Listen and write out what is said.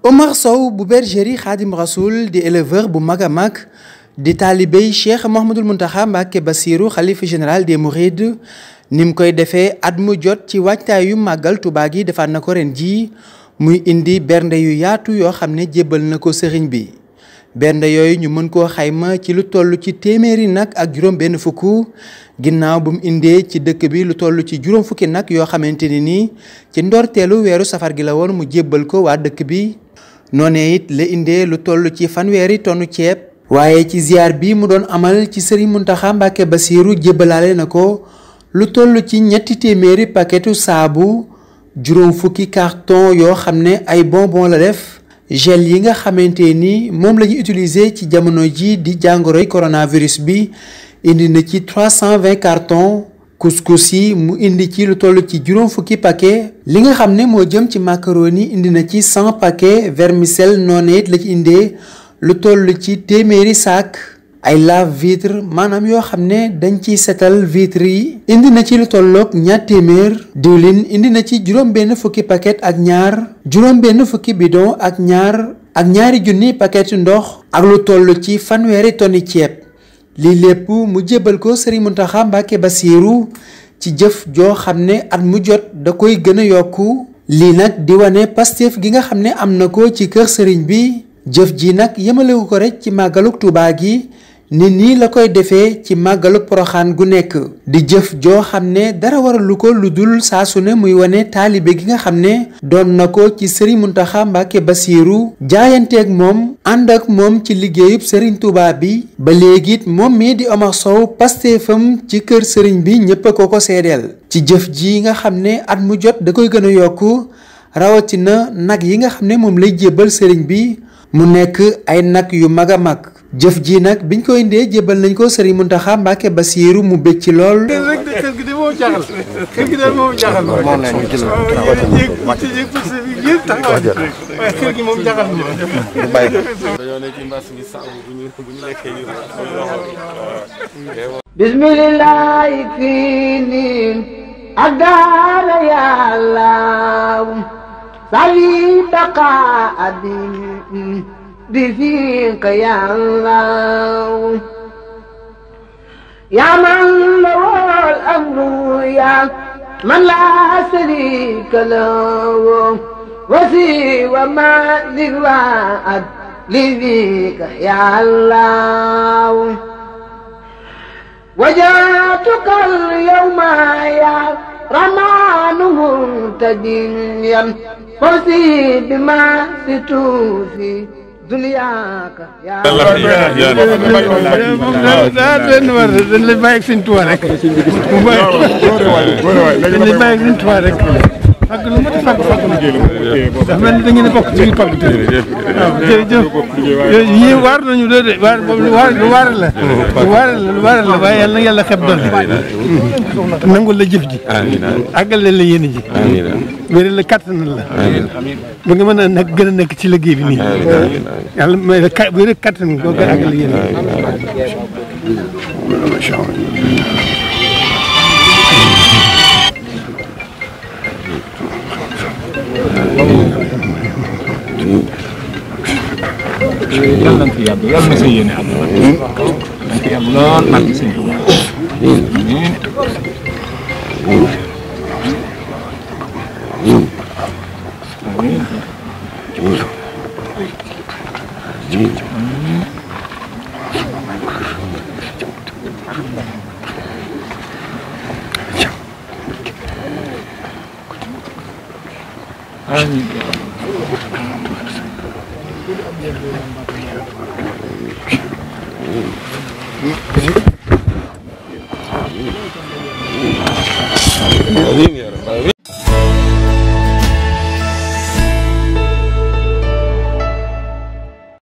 Omar Sow bu bergerie Khadim Rasoul di éleveur bu mag a mag di taalibey Cheikh Mouhamadul Mountakha Mbacké Bassirou xalifa général des Mourides ni mu koy defee at mu jot ci waajtaay yu màggal Tuubaa gi defaat na ko ren jii muy indi bernde yu yaatu yoo xam ne jébbal na ko sëriñ bi bernde yooyu ñu mën koo xayma ci lu toll ci téeméeri nag ak juróom benn fukk ginnaaw bu mu indee ci dëkk bi lu toll ci juróom fukki nag yoo xamante ni nii ci ndorteelu weeru safar gi la woon mu jébbal ko waa dëkk bi noonee it la indee lu toll ci fanweeri tonu ceeb waaye ci ziar bi mu doon amal ci sëriñ Muntaxa Mbàkke Basiiru jébbalaale na ko lu toll ci ñetti téeméeri paketu saabu juróom fukki carton yoo xam ne ay bonbon la def gel yi nga xamante ni moom lañu ñu utiliser ci jamono ji di jàngoroy coronavirus bi indi na ci 320 carton couscous yi mu indi ci lu toll ci juróom fukki paquet li nga xam ne moo jëm ci macaroni indi na ci cent paquet vermicelle noonu it la ci indee lu toll ci téeméeri saak ay lave vitre maanaam yoo xam ne dañ ciy seetal vitre yi indi na ci lu tolloog ñaar téeméer diwlin indi na ci juróom benn fukki paquet ak ñaar juróom benn fukki bidon ak ñaar ak ñaari junni yu ndox ak lu toll ci fanweeri toni ceeb lii lépp mu jébbal ko Serigne Mountakha Mbacké Bassirou ci jëf joo xam ne at mu jot da koy gën a yokku lii nag di wane Pastef gi nga xam ne am na ko ci kër sëriñ bi jëf ji nag yemalewu ko rek ci màggaluk Tuubaa gi nit nii la koy defee ci màggalu poroxaan gu nekk di jëf joo xam ne dara waralu ko lu dul saa su ne muy wane taalibe gi nga xam ne doon na ko ci sëriñ Muntaxa Mbàkke Basiiru jaayanteeg moom ànd ak moom ci liggéeyub sëriñ Tuubaa bi ba léegi moom mii di Omar Sow pasteefam ci kër sëriñ bi ñépp ko ko seedeel ci jëf ji nga xam ne at mu jot da koy gën a yokk rawatina nag yi nga xam ne moom lay jébbal sëriñ bi mu nekk ay nag yu mag a mag jëf ji nag biñ ko indee jébbal nañ ko Serigne Mountakha Mbacké Bassirou mu bëgg ci lool. kër gi de moom jaaxal kër ak daara yàlla سلي بقاء بفيق يا الله يا من له الأمر يا من لا شريك له وسوى ما للوعد لذيك يا الله وجاتك اليوم يا رمان منتجيا فسي بما ستوفي دنياك يا رب يا رب اللي بايك سنتوا رك اللي بايك سنتوا رك fàgg lu mat a fàgg fàgg lu jëlee ko. dafa mel ni da ngeen a bokk ci biir pàgg bi. jërëjëf jërëjëf jërëjëf yii waar nañu de waar boobu waar lu waar la. lu waar la lu waar la waaye yàlla na yàlla xeb doon nangul la jëf ji. amiin àggale la yéen ji. amiin wéral la kattanal la. ba nga mën a nag gën a nekk ci liggéey bi nii. yàlla may la ka wéral kattan boo gën a àggale yéen ji. yàlla na fi yàgg yàlla na sa yéene àgg nag. nañ fi yàgg lool nag sëñ Touba. amiin. Amin ya Rabbal